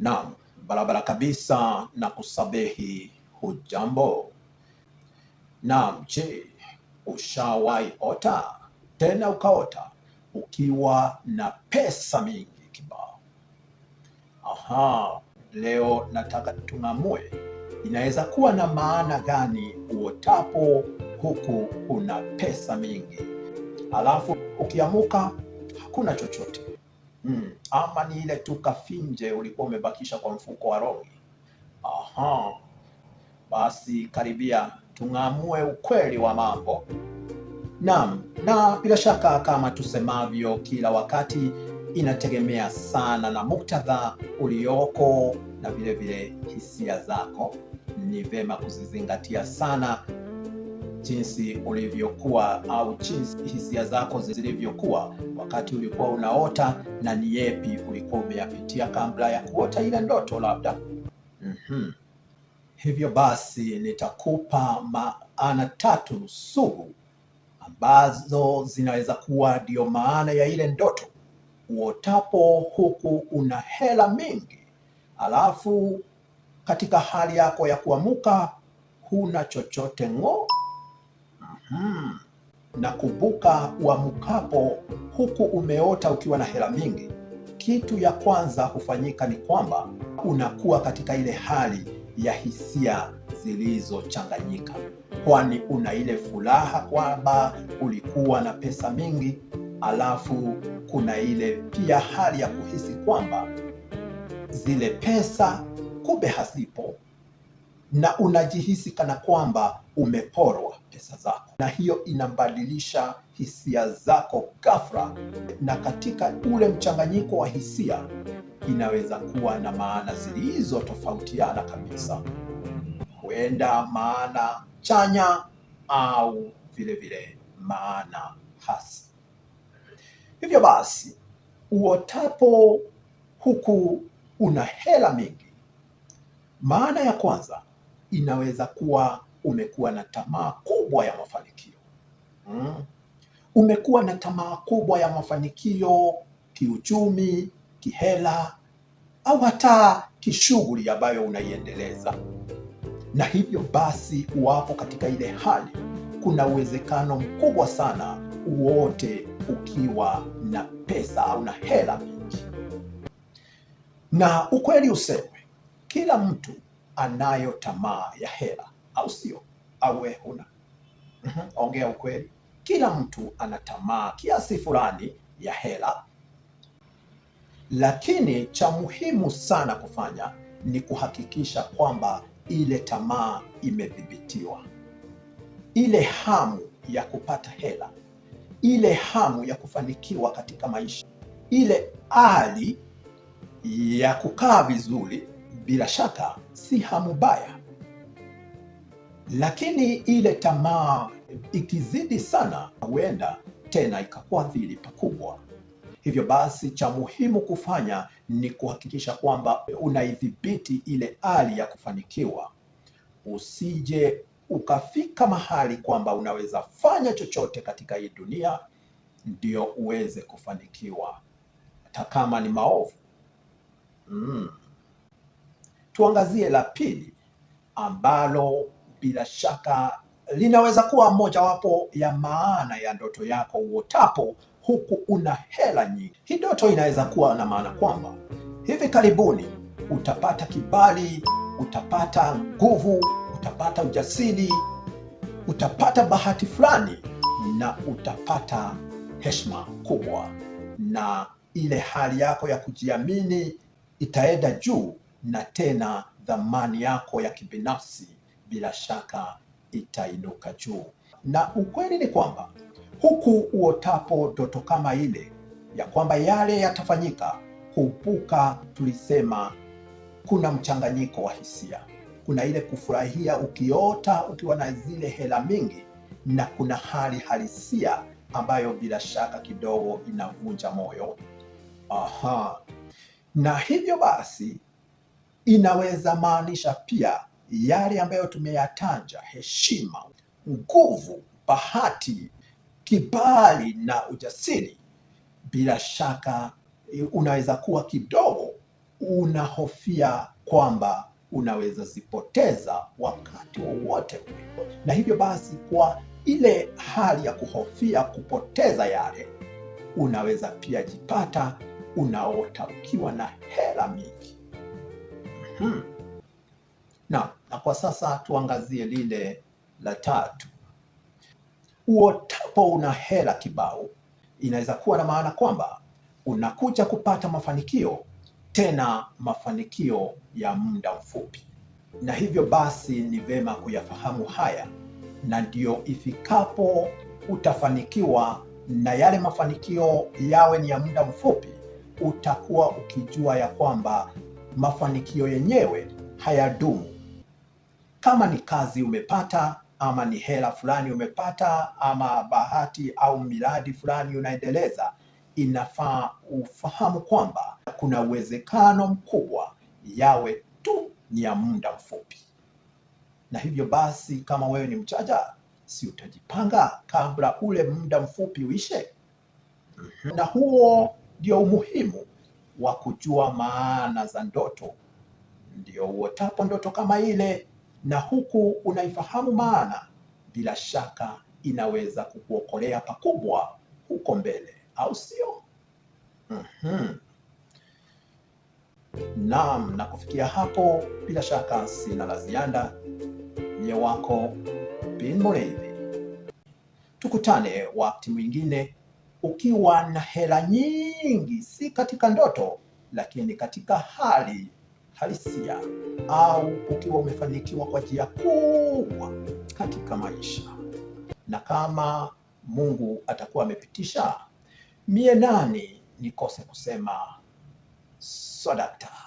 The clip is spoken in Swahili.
Naam, barabara kabisa na kusabehi. Hujambo? Naam. Je, ushawahi ota tena ukaota ukiwa na pesa mingi kibao? Aha, leo nataka tung'amue inaweza kuwa na maana gani uotapo huku una pesa mingi, alafu ukiamuka hakuna chochote mm. Ama ni ile tu kafinje ulikuwa umebakisha kwa mfuko wa roho? Aha, basi karibia tung'amue ukweli wa mambo. Naam, na bila shaka kama tusemavyo kila wakati inategemea sana na muktadha ulioko na vile vile hisia zako. Ni vema kuzizingatia sana jinsi ulivyokuwa au jinsi hisia zako zilivyokuwa wakati ulikuwa unaota, na ni yepi ulikuwa umeyapitia kabla ya kuota ile ndoto labda. mm -hmm. Hivyo basi nitakupa maana tatu sugu ambazo zinaweza kuwa ndiyo maana ya ile ndoto uotapo huku una hela mingi, alafu katika hali yako ya kuamuka huna chochote ngoo hmm. Na wa uamukapo huku umeota ukiwa na hela mingi, kitu ya kwanza hufanyika ni kwamba unakuwa katika ile hali ya hisia zilizochanganyika, kwani una ile furaha kwamba ulikuwa na pesa mingi, alafu kuna ile pia hali ya kuhisi kwamba zile pesa kumbe hazipo na unajihisi kana kwamba umeporwa pesa zako, na hiyo inabadilisha hisia zako ghafla, na katika ule mchanganyiko wa hisia inaweza kuwa na maana zilizotofautiana kabisa, huenda maana chanya au vilevile maana hasi. Hivyo basi, uotapo huku una hela mingi, maana ya kwanza inaweza kuwa umekuwa na tamaa kubwa ya mafanikio hmm. Umekuwa na tamaa kubwa ya mafanikio kiuchumi, kihela au hata kishughuli ambayo unaiendeleza, na hivyo basi uwapo katika ile hali, kuna uwezekano mkubwa sana uote ukiwa na pesa au na hela mingi, na ukweli usemwe kila mtu anayo tamaa ya hela, au sio? Au we huna? Mhm, ongea ukweli, kila mtu ana tamaa kiasi fulani ya hela, lakini cha muhimu sana kufanya ni kuhakikisha kwamba ile tamaa imedhibitiwa, ile hamu ya kupata hela, ile hamu ya kufanikiwa katika maisha, ile hali ya kukaa vizuri bila shaka si hamu baya, lakini ile tamaa ikizidi sana, huenda tena ikakuathiri pakubwa. Hivyo basi cha muhimu kufanya ni kuhakikisha kwamba unaidhibiti ile hali ya kufanikiwa, usije ukafika mahali kwamba unaweza fanya chochote katika hii dunia ndio uweze kufanikiwa, hata kama ni maovu mm tuangazie la pili ambalo bila shaka linaweza kuwa mojawapo ya maana ya ndoto yako uotapo huku una hela nyingi. Hii ndoto inaweza kuwa na maana kwamba hivi karibuni utapata kibali, utapata nguvu, utapata ujasiri, utapata bahati fulani na utapata heshima kubwa, na ile hali yako ya kujiamini itaenda juu na tena dhamani yako ya kibinafsi bila shaka itainuka juu. Na ukweli ni kwamba huku uotapo ndoto kama ile ya kwamba yale yatafanyika, kumbuka tulisema kuna mchanganyiko wa hisia. Kuna ile kufurahia ukiota ukiwa na zile hela mingi, na kuna hali halisia ambayo bila shaka kidogo inavunja moyo. Aha, na hivyo basi inaweza maanisha pia yale ambayo tumeyataja: heshima, nguvu, bahati, kibali na ujasiri. Bila shaka eh, unaweza kuwa kidogo unahofia kwamba unaweza zipoteza wakati wowote ule, na hivyo basi, kwa ile hali ya kuhofia kupoteza yale, unaweza pia jipata unaota ukiwa na hela mingi. Hmm. Na, na kwa sasa tuangazie lile la tatu. Uotapo una hela kibao inaweza kuwa na maana kwamba unakuja kupata mafanikio, tena mafanikio ya muda mfupi, na hivyo basi ni vema kuyafahamu haya, na ndiyo ifikapo utafanikiwa, na yale mafanikio yawe ni ya muda mfupi, utakuwa ukijua ya kwamba mafanikio yenyewe hayadumu. Kama ni kazi umepata, ama ni hela fulani umepata, ama bahati au miradi fulani unaendeleza, inafaa ufahamu kwamba kuna uwezekano mkubwa yawe tu ni ya muda mfupi, na hivyo basi, kama wewe ni mchaja, si utajipanga kabla ule muda mfupi uishe? Mhm. Na huo ndio umuhimu wa kujua maana za ndoto. Ndio uotapo ndoto kama ile na huku unaifahamu maana, bila shaka inaweza kukuokolea pakubwa huko mbele, au sio? mm -hmm. Naam, na kufikia hapo, bila shaka sina la ziada. Mie wako Bin tukutane wakati mwingine ukiwa na hela nyingi, si katika ndoto, lakini katika hali halisia, au ukiwa umefanikiwa kwa njia kubwa katika maisha. Na kama Mungu atakuwa amepitisha, mie nani nikose kusema swadakta.